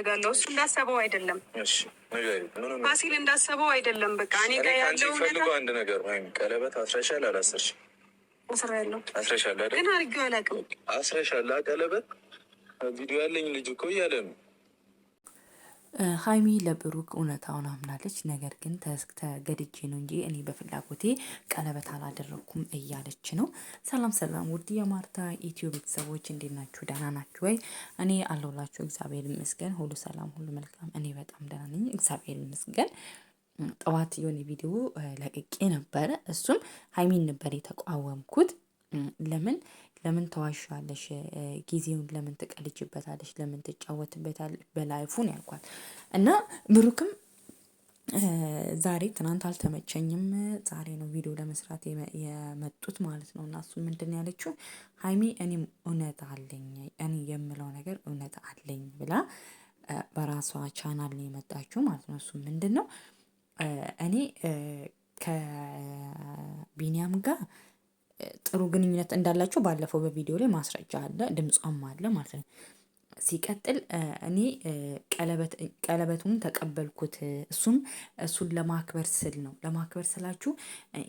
እፈልጋለሁ። እሱ እንዳሰበው አይደለም፣ ፋሲል እንዳሰበው አይደለም። በቃ እኔ ጋር ያለው ፈልገው አንድ ነገር ቀለበት አስረሻል አላስርሽ አስራለሁ አስረሻል፣ ግን አድርጌው አላውቅም። አስረሻል ቀለበት ቪዲዮ ያለኝ ልጅ እኮ እያለ ነው ሀይሚ ለብሩክ እውነታውን አምናለች። ነገር ግን ተገድጄ ነው እንጂ እኔ በፍላጎቴ ቀለበት አላደረኩም እያለች ነው። ሰላም ሰላም፣ ውድ የማርታ ኢትዮ ቤተሰቦች እንዴት ናችሁ? ደህና ናችሁ ወይ? እኔ አለሁላችሁ። እግዚአብሔር ይመስገን፣ ሁሉ ሰላም፣ ሁሉ መልካም። እኔ በጣም ደህና ነኝ፣ እግዚአብሔር ይመስገን። ጠዋት የሆነ ቪዲዮ ለቅቄ ነበረ። እሱም ሀይሚን ነበር የተቋወምኩት። ለምን ለምን ተዋሻለሽ? ጊዜውን ለምን ትቀልጅበታለሽ? ለምን ትጫወትበታለሽ? በላይፉን ያልኳት እና ብሩክም ዛሬ ትናንት አልተመቸኝም፣ ዛሬ ነው ቪዲዮ ለመስራት የመጡት ማለት ነው። እና እሱ ምንድን ያለችው ሀይሚ እኔም እውነት አለኝ እኔ የምለው ነገር እውነት አለኝ ብላ በራሷ ቻናል ነው የመጣችው ማለት ነው። እሱ ምንድን ነው እኔ ከቢኒያም ጋር ጥሩ ግንኙነት እንዳላቸው ባለፈው በቪዲዮ ላይ ማስረጃ አለ፣ ድምጿም አለ ማለት ነው። ሲቀጥል እኔ ቀለበቱን ተቀበልኩት። እሱም እሱን ለማክበር ስል ነው። ለማክበር ስላችሁ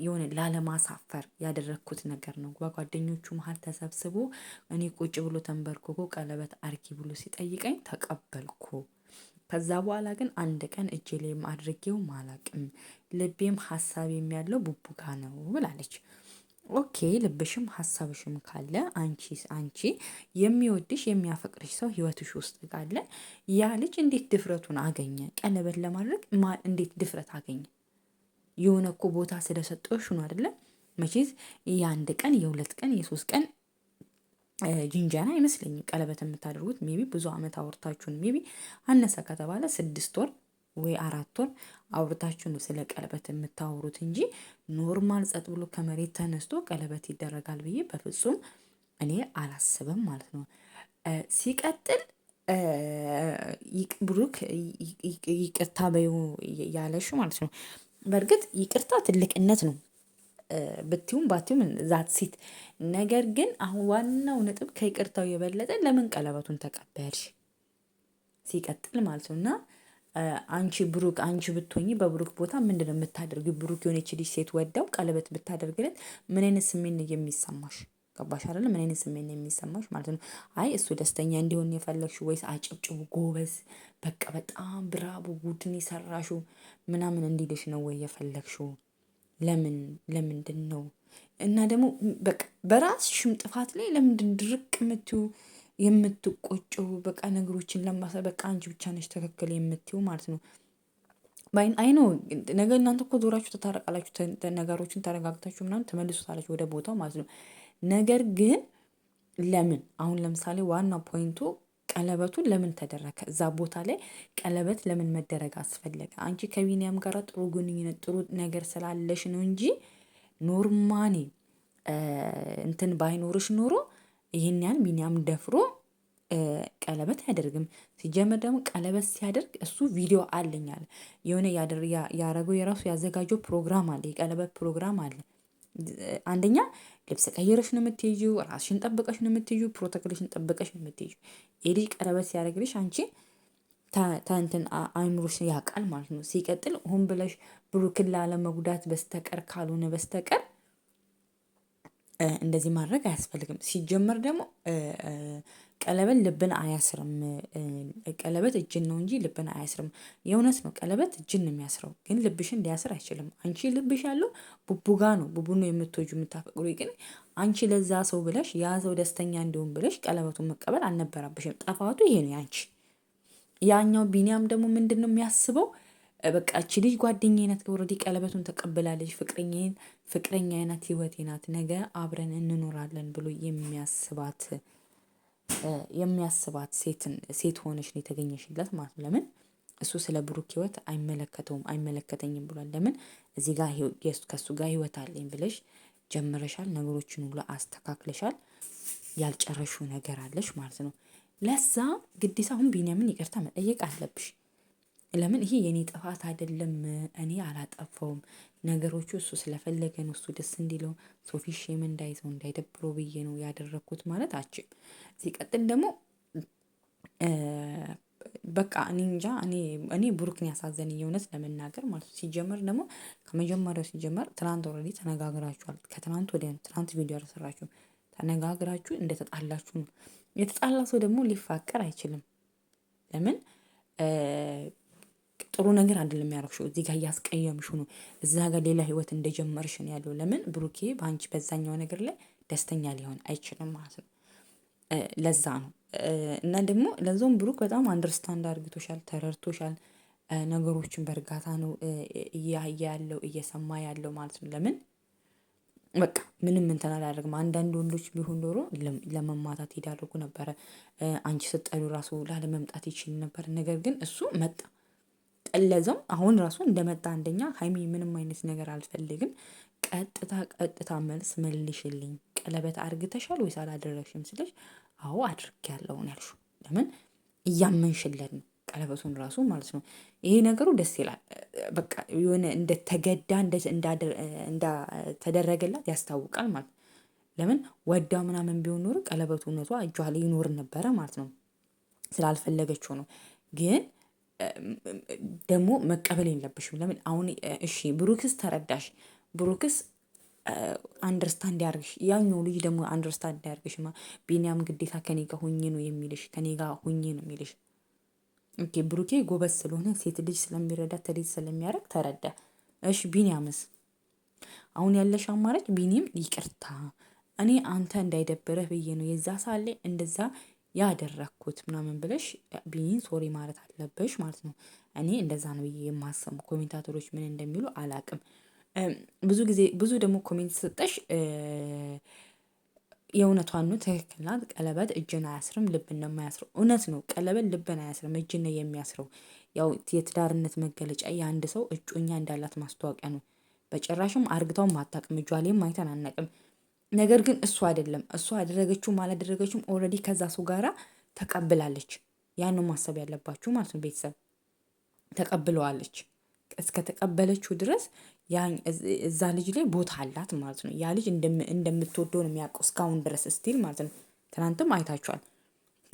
የሆነ ላለማሳፈር ያደረግኩት ነገር ነው። በጓደኞቹ መሀል ተሰብስቦ እኔ ቁጭ ብሎ ተንበርክኮ ቀለበት አርጊ ብሎ ሲጠይቀኝ ተቀበልኩ። ከዛ በኋላ ግን አንድ ቀን እጄ ላይም አድርጌውም አላቅም። ልቤም ሀሳብ ያለው ቡቡጋ ነው ብላለች። ኦኬ ልብሽም ሀሳብሽም ካለ አንቺ አንቺ የሚወድሽ የሚያፈቅርሽ ሰው ህይወትሽ ውስጥ ካለ ያ ልጅ እንዴት ድፍረቱን አገኘ? ቀለበት ለማድረግ እንዴት ድፍረት አገኘ? የሆነ እኮ ቦታ ስለሰጠሽ ነው አይደለም። መቼስ የአንድ ቀን የሁለት ቀን የሶስት ቀን ጅንጃና አይመስለኝም ቀለበት የምታደርጉት ሜቢ ብዙ አመት አውርታችሁን ሜቢ አነሳ ከተባለ ስድስት ወር ወይ አራቱን አውርታችሁ ነው ስለ ቀለበት የምታወሩት እንጂ ኖርማል ጸጥ ብሎ ከመሬት ተነስቶ ቀለበት ይደረጋል ብዬ በፍጹም እኔ አላስብም ማለት ነው። ሲቀጥል ብሩክ ይቅርታ በዩ ያለሹ ማለት ነው። በእርግጥ ይቅርታ ትልቅነት ነው። ብትዩም ባትዩም ዛት ሲት ነገር ግን አሁን ዋናው ነጥብ ከይቅርታው የበለጠ ለምን ቀለበቱን ተቀበልሽ? ሲቀጥል ማለት ነው እና አንቺ ብሩክ አንቺ ብትሆኚ በብሩክ ቦታ ምንድን ነው የምታደርጊው? ብሩክ የሆነች ልጅ ሴት ወደው ቀለበት ብታደርግለት ምን አይነት ስሜት ነው የሚሰማሽ? ገባሽ አይደለ? ምን አይነት ስሜት ነው የሚሰማሽ ማለት ነው። አይ እሱ ደስተኛ እንዲሆን የፈለግሽ ወይስ አጨብጭቡ፣ ጎበዝ፣ በቃ በጣም ብራቡ፣ ቡድን የሰራሹ ምናምን እንዲልሽ ነው ወይ የፈለግሽው? ለምን ለምንድን ነው እና ደግሞ በቃ በራስሽም ጥፋት ላይ ለምንድን ድርቅ የምትዩ የምትቆጨው በቃ ነገሮችን ለማሳ በቃ አንቺ ብቻ ነች ትክክል የምትይው ማለት ነው። አይኖ ነገ እናንተ እኮ ዞራችሁ ተታረቃላችሁ ነገሮችን ተረጋግታችሁ ምናምን ትመልሱታላችሁ ወደ ቦታው ማለት ነው። ነገር ግን ለምን አሁን ለምሳሌ ዋና ፖይንቱ ቀለበቱ ለምን ተደረገ እዛ ቦታ ላይ ቀለበት ለምን መደረግ አስፈለገ? አንቺ ከቢኒያም ጋር ጥሩ ግንኙነት ጥሩ ነገር ስላለሽ ነው እንጂ ኖርማኔ እንትን ባይኖርሽ ኖሮ ይሄን ያህል ቢኒያም ደፍሮ ቀለበት አያደርግም። ሲጀመር ደግሞ ቀለበት ሲያደርግ እሱ ቪዲዮ አለኛል የሆነ ያደረገው የራሱ ያዘጋጀው ፕሮግራም አለ፣ የቀለበት ፕሮግራም አለ። አንደኛ ልብስ ቀይረሽ ነው የምትይዩ፣ ራስሽን ጠብቀሽ ነው የምትይዩ፣ ፕሮቶኮልሽን ጠብቀሽ ነው የምትይዩ። ይሄ ቀለበት ሲያደርግልሽ አንቺ ታንትን አይምሮሽን ያውቃል ማለት ነው። ሲቀጥል ሆን ብለሽ ብሩክን ላለመጉዳት በስተቀር ካልሆነ በስተቀር እንደዚህ ማድረግ አያስፈልግም። ሲጀመር ደግሞ ቀለበት ልብን አያስርም። ቀለበት እጅን ነው እንጂ ልብን አያስርም። የእውነት ነው፣ ቀለበት እጅን ነው የሚያስረው፣ ግን ልብሽን ሊያስር አይችልም። አንቺ ልብሽ ያለው ቡቡጋ ነው። ቡቡ ነው የምትወጁ የምታፈቅሩ፣ ግን አንቺ ለዛ ሰው ብለሽ ያ ሰው ደስተኛ እንዲሆን ብለሽ ቀለበቱን መቀበል አልነበረብሽም። ጠፋቱ ይሄ ነው ያንቺ። ያኛው ቢኒያም ደግሞ ምንድን ነው የሚያስበው በቃ እቺ ልጅ ጓደኛ ናት፣ ኦልሬዲ ቀለበቱን ተቀብላለች፣ ፍቅረኛ ፍቅረኛዬ ናት፣ ህይወቴ ናት፣ ነገ አብረን እንኖራለን ብሎ የሚያስባት የሚያስባት ሴት ሆነች ነው የተገኘሽለት ማለት ነው። ለምን እሱ ስለ ብሩክ ህይወት አይመለከተውም አይመለከተኝም ብሏል። ለምን እዚህ ጋር ከእሱ ጋር ህይወት አለኝ ብለሽ ጀምረሻል፣ ነገሮችን ሁሉ አስተካክለሻል። ያልጨረሹ ነገር አለሽ ማለት ነው። ለዛ ግዴታ አሁን ቢኒያምን ይቅርታ መጠየቅ አለብሽ። ለምን ይሄ የኔ ጥፋት አይደለም እኔ አላጠፋውም ነገሮቹ እሱ ስለፈለገ ነው እሱ ደስ እንዲለው ሶፊ ሼም እንዳይዘው እንዳይደብረው ብዬ ነው ያደረኩት ማለት አችም። ሲቀጥል ደግሞ በቃ እኔ እንጃ እኔ ብሩክን ያሳዘነኝ የእውነት ለመናገር ማለት ሲጀመር ደግሞ ከመጀመሪያው ሲጀመር ትናንት ኦልሬዲ ተነጋግራችኋል። ከትናንት ወዲያ ነው ትናንት ቪዲዮ አልሰራችሁም። ተነጋግራችሁ እንደተጣላችሁ ነው። የተጣላ ሰው ደግሞ ሊፋቀር አይችልም። ለምን ጥሩ ነገር አይደለም ያደረግሽው። እዚህ ጋር እያስቀየምሽ ነው። እዛ ጋር ሌላ ህይወት እንደጀመርሽ ነው ያለው። ለምን ብሩኬ በአንቺ በዛኛው ነገር ላይ ደስተኛ ሊሆን አይችልም ማለት ነው። ለዛ ነው እና ደግሞ ለዛውም ብሩክ በጣም አንደርስታንድ አድርግቶሻል፣ ተረድቶሻል። ነገሮችን በእርጋታ ነው እያየ ያለው እየሰማ ያለው ማለት ነው። ለምን በቃ ምንም እንትን አላደርግም። አንዳንድ ወንዶች ቢሆን ኖሮ ለመማታት ይዳርጉ ነበረ። አንቺ ስጠሉ ራሱ ላለመምጣት ይችል ነበር። ነገር ግን እሱ መጣ። ለዛም አሁን ራሱ እንደመጣ አንደኛ ሀይሚ ምንም አይነት ነገር አልፈልግም፣ ቀጥታ ቀጥታ መልስ መልሽልኝ። ቀለበት አርግተሻል ወይስ አላደረግሽም ስልሽ አዎ አድርጌያለሁ ነው ያልሽው። ለምን እያመንሽለን ነው ቀለበቱን ራሱ ማለት ነው። ይሄ ነገሩ ደስ ይላል። በቃ የሆነ እንደተገዳ እንደተደረገላት ያስታውቃል ማለት ለምን ወዳ ምናምን ቢሆን ኖሮ ቀለበቱ እውነቷ እጇ ላይ ይኖር ነበረ ማለት ነው። ስላልፈለገችው ነው ግን ደግሞ መቀበል የለብሽም። ለምን አሁን እሺ ብሩክስ ተረዳሽ፣ ብሩክስ አንደርስታንድ ያርግሽ፣ ያኛው ልጅ ደግሞ አንደርስታንድ ያርግሽማ። ቢኒያም ግዴታ ከኔ ጋ ሁኜ ነው የሚልሽ፣ ከኔ ጋ ሁኜ ነው የሚልሽ። ኦኬ ብሩኬ ጎበዝ ስለሆነ ሴት ልጅ ስለሚረዳ ተሌት ስለሚያደርግ ተረዳ። እሺ ቢኒያምስ አሁን ያለሽ አማራጭ ቢኒም ይቅርታ እኔ አንተ እንዳይደበረህ ብዬ ነው የዛ ሳለ እንደዛ ያደረግኩት ምናምን ብለሽ ቢኒን ሶሪ ማለት አለበሽ ማለት ነው። እኔ እንደዛ ነው ብዬ የማሰሙ ኮሜንታተሮች ምን እንደሚሉ አላቅም። ብዙ ጊዜ ብዙ ደግሞ ኮሜንት ስጠሽ የእውነቷን ነው። ትክክል ናት። ቀለበት እጅን አያስርም ልብን ነው የማያስረው። እውነት ነው። ቀለበት ልብን አያስርም እጅን ነው የሚያስረው። ያው የትዳርነት መገለጫ የአንድ ሰው እጮኛ እንዳላት ማስታወቂያ ነው። በጭራሽም አርግታውን ማታቅም እጇ ላይም አይተናነቅም። ነገር ግን እሱ አይደለም እሱ አደረገችውም አላደረገችውም ኦልሬዲ ከዛ ሰው ጋራ ተቀብላለች። ያን ነው ማሰብ ያለባችሁ ማለት ነው። ቤተሰብ ተቀብለዋለች። እስከ ተቀበለችው ድረስ እዛ ልጅ ላይ ቦታ አላት ማለት ነው። ያ ልጅ እንደምትወደው ነው የሚያውቀው እስካሁን ድረስ ስቲል ማለት ነው። ትናንትም አይታችኋል።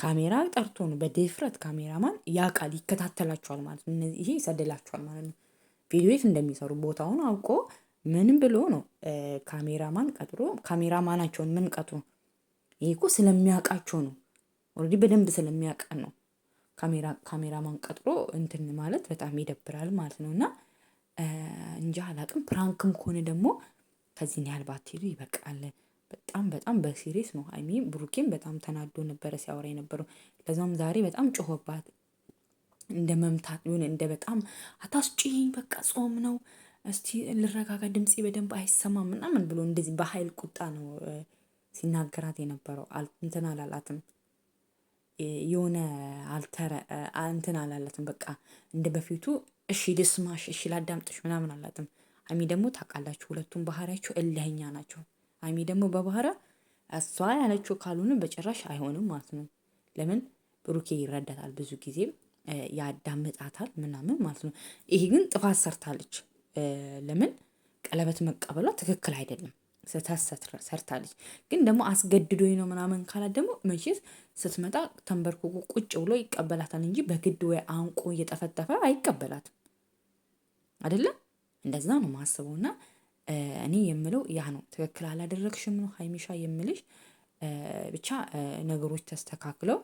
ካሜራ ጠርቶ ነው በድፍረት ካሜራማን ያውቃል፣ ይከታተላችኋል ማለት ነው። ይሄ ይሰድላችኋል ማለት ነው። ቪዲዮ የት እንደሚሰሩ ቦታውን አውቆ ምንም ብሎ ነው ካሜራማን ቀጥሮ ካሜራማናቸውን ምን ቀጥሮ ይህ እኮ ስለሚያውቃቸው ነው። ኦልሬዲ በደንብ ስለሚያውቀን ነው። ካሜራማን ቀጥሮ እንትን ማለት በጣም ይደብራል ማለት ነው። እና እንጂ አላቅም። ፕራንክም ከሆነ ደግሞ ከዚህን ያህል ባትሄዱ ይበቃል። በጣም በጣም በሲሪየስ ነው አይሚ ብሩኬም በጣም ተናዶ ነበረ ሲያወራ የነበረው። ለዛም ዛሬ በጣም ጮሆባት እንደ መምታት ሆነ እንደ በጣም አታስጭኝ፣ በቃ ጾም ነው እስቲ ልረጋጋ፣ ድምፄ በደንብ አይሰማም ምናምን ብሎ እንደዚህ በኃይል ቁጣ ነው ሲናገራት የነበረው። እንትን አላላትም፣ የሆነ አልተረ እንትን አላላትም። በቃ እንደ በፊቱ እሺ ልስማሽ፣ እሺ ላዳምጥሽ ምናምን አላትም። አሚ ደግሞ ታውቃላችሁ፣ ሁለቱም ባህሪያቸው እልህኛ ናቸው። አሚ ደግሞ በባህሪ እሷ ያለችው ካልሆነ በጭራሽ አይሆንም ማለት ነው። ለምን ብሩኬ ይረዳታል፣ ብዙ ጊዜ ያዳምጣታል ምናምን ማለት ነው። ይሄ ግን ጥፋት ሰርታለች። ለምን ቀለበት መቀበሏ ትክክል አይደለም። ስህተት ሰርታለች። ግን ደግሞ አስገድዶኝ ነው ምናምን ካላት ደግሞ መቼስ ስትመጣ ተንበርክኮ ቁጭ ብሎ ይቀበላታል እንጂ በግድ ወይ አንቆ እየጠፈጠፈ አይቀበላትም። አይደለም እንደዛ ነው ማስበው። እና እኔ የምለው ያ ነው። ትክክል አላደረግሽም ነው ሀይሚሻ የምልሽ። ብቻ ነገሮች ተስተካክለው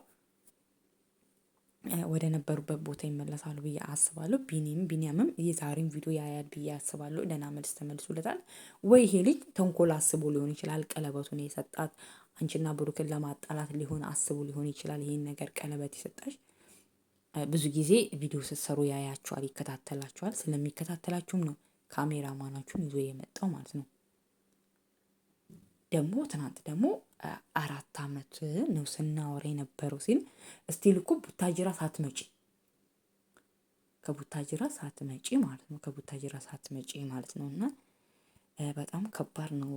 ወደ ነበሩበት ቦታ ይመለሳሉ ብዬ አስባለሁ። ቢኒም ቢኒያምም የዛሬን ቪዲዮ ያያል ብዬ አስባለሁ። ደህና መልስ ተመልሱለታል ወይ? ይሄ ልጅ ተንኮል አስቦ ሊሆን ይችላል። ቀለበቱን የሰጣት አንቺና ብሩክን ለማጣላት ሊሆን አስቦ ሊሆን ይችላል። ይሄን ነገር ቀለበት የሰጣሽ ብዙ ጊዜ ቪዲዮ ስትሰሩ ያያችኋል፣ ይከታተላችኋል። ስለሚከታተላችሁም ነው ካሜራማናችሁን ይዞ የመጣው ማለት ነው። ደግሞ ትናንት ደግሞ አራት ዓመት ነው ስናወራ የነበረው ሲል እስቲል እኮ ቡታጅራ ሳትመጪ ከቡታጅራ ሳትመጪ ማለት ነው። ከቡታጅራ ሳትመጪ ማለት ነው። እና በጣም ከባድ ነው።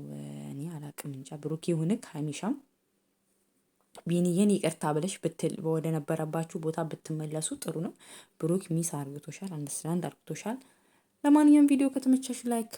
እኔ አላቅም እንጃ ብሩክ ይሁን ሀሚሻም ቢንየን ይቅርታ ብለሽ ብትል ወደ ነበረባችሁ ቦታ ብትመለሱ ጥሩ ነው። ብሩክ ሚስ አርግቶሻል፣ አንደርስታንድ አርግቶሻል። ለማንኛውም ቪዲዮ ከተመቻሽ ላይክ